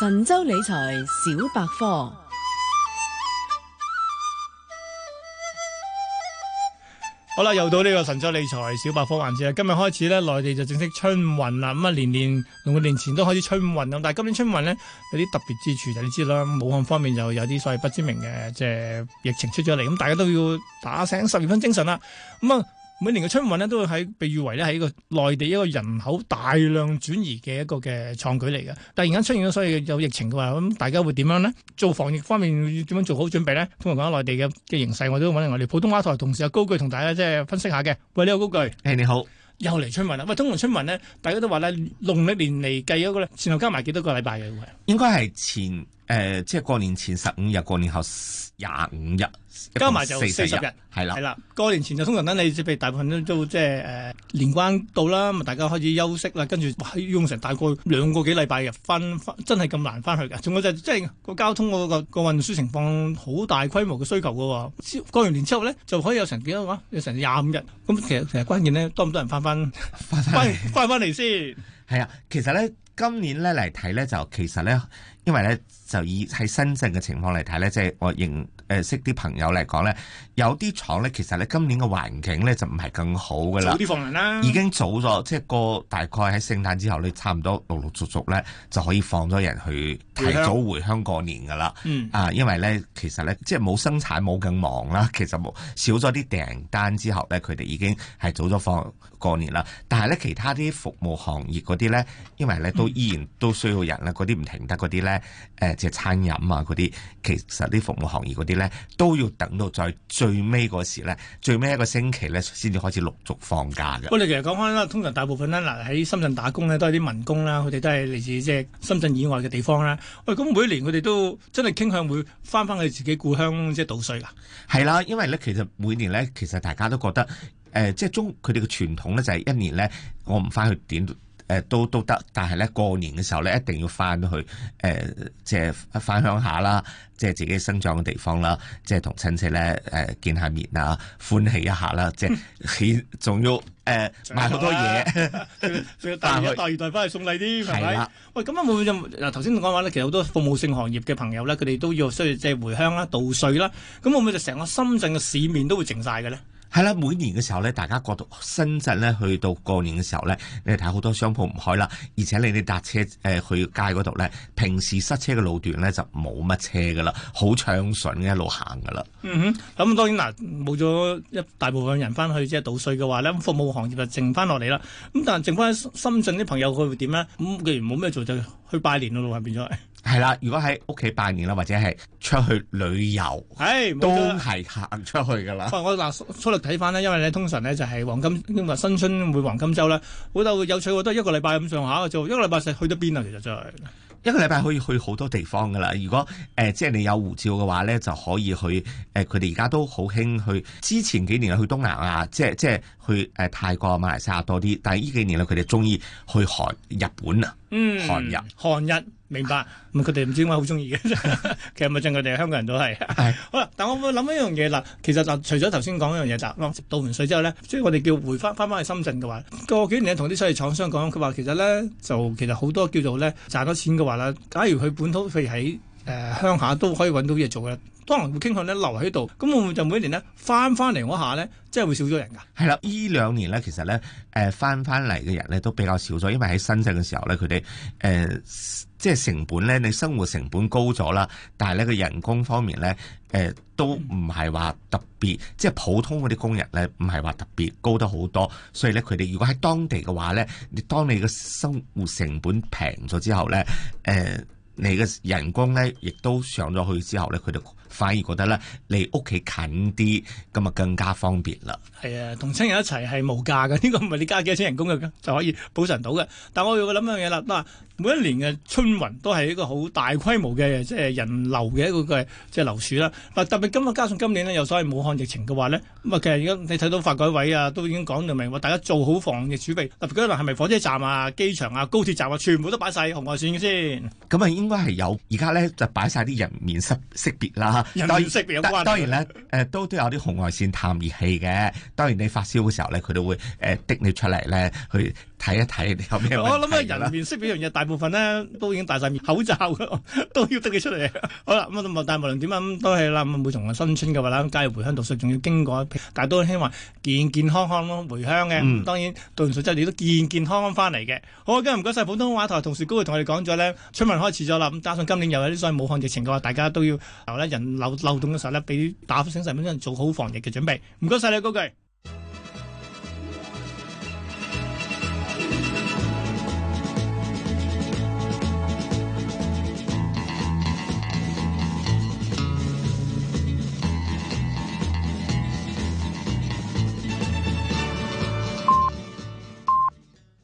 神州理財小百科，好啦，又到呢個神州理財小百科環節啦。今日開始呢，內地就正式春運啦。咁、嗯、啊，年年農曆年前都開始春運咁，但係今年春運呢，有啲特別之處，就你知啦。武漢方面就有啲所謂不知名嘅，即係疫情出咗嚟。咁、嗯、大家都要打醒十二分精神啦。咁、嗯、啊。嗯每年嘅春運咧，都喺被譽為咧係一個內地一個人口大量轉移嘅一個嘅創舉嚟嘅。突然間出現咗，所以有疫情嘅話，咁大家會點樣呢？做防疫方面要點樣做好準備呢？通常講下內地嘅嘅形勢，我都揾我哋普通話台同事嘅高炬同大家即係分析下嘅。喂，呢個，高炬，誒你好，又嚟春運啦！喂，通常春運呢，大家都話咧，農曆年嚟計嗰個咧，前後加埋幾多個禮拜嘅會啊？應該係前。誒、呃，即係過年前十五日，過年後廿五日，1，加埋就四十日，係啦了，係啦了。過年前就通常等你準備，如大部分都即係誒，年關到啦，咪大家開始休息啦，跟住用成大概兩個兩個幾禮拜日，翻，真係咁難翻去嘅。仲有就即係個交通嗰個個運輸情況，好大規模嘅需求噶。過完年之後咧，就可以有成幾多話，有成廿五日。咁其實成關鍵咧，多唔多人翻翻翻翻翻嚟先？係啊，其實咧。今年咧嚟睇咧就其實咧，因為咧就以喺深圳嘅情況嚟睇咧，即係我認誒識啲朋友嚟講咧，有啲廠咧其實咧今年嘅環境咧就唔係咁好噶啦，早啲放人啦，已經早咗，即係過大概喺聖誕之後咧，差唔多陸陸續續咧就可以放咗人去。提早回鄉過年噶啦，嗯、啊，因為咧，其實咧，即係冇生產冇咁忙啦。其實冇少咗啲訂單之後咧，佢哋已經係早咗放過年啦。但係咧，其他啲服務行業嗰啲咧，因為咧都依然都需要人咧，嗰啲唔停得嗰啲咧，誒、呃，即係餐飲啊嗰啲，其實啲服務行業嗰啲咧，都要等到在最尾嗰時咧，最尾一個星期咧，先至開始陸續放假嘅。我哋其實講開啦，通常大部分咧，嗱喺深圳打工咧都係啲民工啦，佢哋都係嚟自即係深圳以外嘅地方啦。喂，咁、哎、每年我哋都真係傾向會翻返去自己故鄉即係度歲啦。係啦，因為咧，其實每年咧，其實大家都覺得誒、呃，即係中佢哋嘅傳統咧就係、是、一年咧，我唔翻去點。誒、呃、都都得，但係咧過年嘅時候咧，一定要翻去誒、呃，即係返鄉下啦，即係自己生長嘅地方啦，即係同親戚咧誒、呃、見下面啊，歡喜一下啦，即係仲要誒、呃、 買好多嘢，仲 要帶埋第二代翻去送禮啲，係咪 是、啊？喂，咁樣會唔會？嗱頭先講話咧，其實好多服務性行業嘅朋友咧，佢哋都要需要即係回鄉啦、渡歲啦，咁會唔會就成個深圳嘅市面都會靜晒嘅咧？係啦，每年嘅時候咧，大家過到深圳咧，去到過年嘅時候咧，你睇好多商鋪唔開啦，而且你哋搭車誒、呃、去街嗰度咧，平時塞車嘅路段咧就冇乜車噶啦，好暢順一路行噶啦。嗯哼，咁、嗯、當然嗱，冇咗一大部分人翻去即係倒稅嘅話咧，服務行業就剩翻落嚟啦。咁但係剩翻深圳啲朋友佢會點咧？咁既然冇咩做就去拜年咯，路下變咗。係啦，如果喺屋企拜年啦，或者係出去旅遊，係的都係行出去噶啦。我嗱粗略睇翻咧，因為咧通常咧就係黃金，因為新春會黃金周啦，好就有趣嘅都係一個禮拜咁上下嘅就，一個禮拜去得邊啊？其實真、就、係、是、一個禮拜可以去好多地方噶啦。如果誒、呃、即係你有護照嘅話咧，就可以去誒，佢哋而家都好興去。之前幾年去東南亞，即係即係去誒、呃、泰國啊馬來西亞多啲，但係呢幾年呢，佢哋中意去韓日本啊，嗯，韓日韓日。明白，咁佢哋唔知點解好中意嘅， 其實咪正佢哋香港人都係。係。 好啦，但係我會諗一樣嘢啦，其實嗱，除咗頭先講一樣嘢就攞到盤水之後呢，即係我哋叫回翻翻翻去深圳嘅話，過幾年同啲商業廠商講，佢話其實呢，就其實好多叫做呢，賺咗錢嘅話啦，假如佢本土譬如喺。誒、呃、鄉下都可以揾到嘢做嘅，當然會傾向咧留喺度。咁會唔會就每年咧翻翻嚟嗰下咧，即係會少咗人㗎？係啦，依兩年咧其實咧誒翻翻嚟嘅人咧都比較少咗，因為喺深圳嘅時候咧，佢哋誒即係成本咧，你生活成本高咗啦，但係咧個人工方面咧誒、呃、都唔係話特別，嗯、即係普通嗰啲工人咧唔係話特別高得好多。所以咧佢哋如果喺當地嘅話咧，你當你嘅生活成本平咗之後咧誒。呃呃你嘅人工咧，亦都上咗去之後咧，佢就反而覺得咧，離屋企近啲，咁啊更加方便啦。係啊，同親人一齊係無價嘅，呢、這個唔係你加幾多錢人工嘅，就可以補償到嘅。但我要諗一樣嘢啦，都、啊每一年嘅春運都係一個好大規模嘅即係人流嘅一個嘅即係流署啦。嗱、就是，特別今日加上今年呢有所謂武漢疫情嘅話呢，咁啊其實而家你睇到發改委啊都已經講到明話，大家做好防疫準備。特別嗰度係咪火車站啊、機場啊、高鐵站啊，全部都擺晒紅外線嘅先。咁啊，應該係有而家呢就擺晒啲人面識識別啦。人面識別有關。當然呢，誒、 呃、都都有啲紅外線探熱器嘅。當然你發燒嘅時候呢，佢都會誒滴、呃、你出嚟呢。去。睇一睇你哋有咩問題啦。我諗啊，人面識一樣嘢， 大部分呢，都已經戴晒口罩噶，都要得佢出嚟。好啦，咁但無論點啊，都係啦，每會每逢新春嘅話啦，咁加入回鄉讀書，仲要經過，大家都希望健健康康咯回鄉嘅。嗯、當然讀完書之後，你都健健康康翻嚟嘅。好啊，今日唔該晒普通話台同事高炬同我哋講咗呢，春運開始咗啦。咁加上今年又有啲所謂武漢疫情嘅話，大家都要由咧人流流流動嘅時候呢，俾打醒十蚊，做好防疫嘅準備。唔該晒你高炬。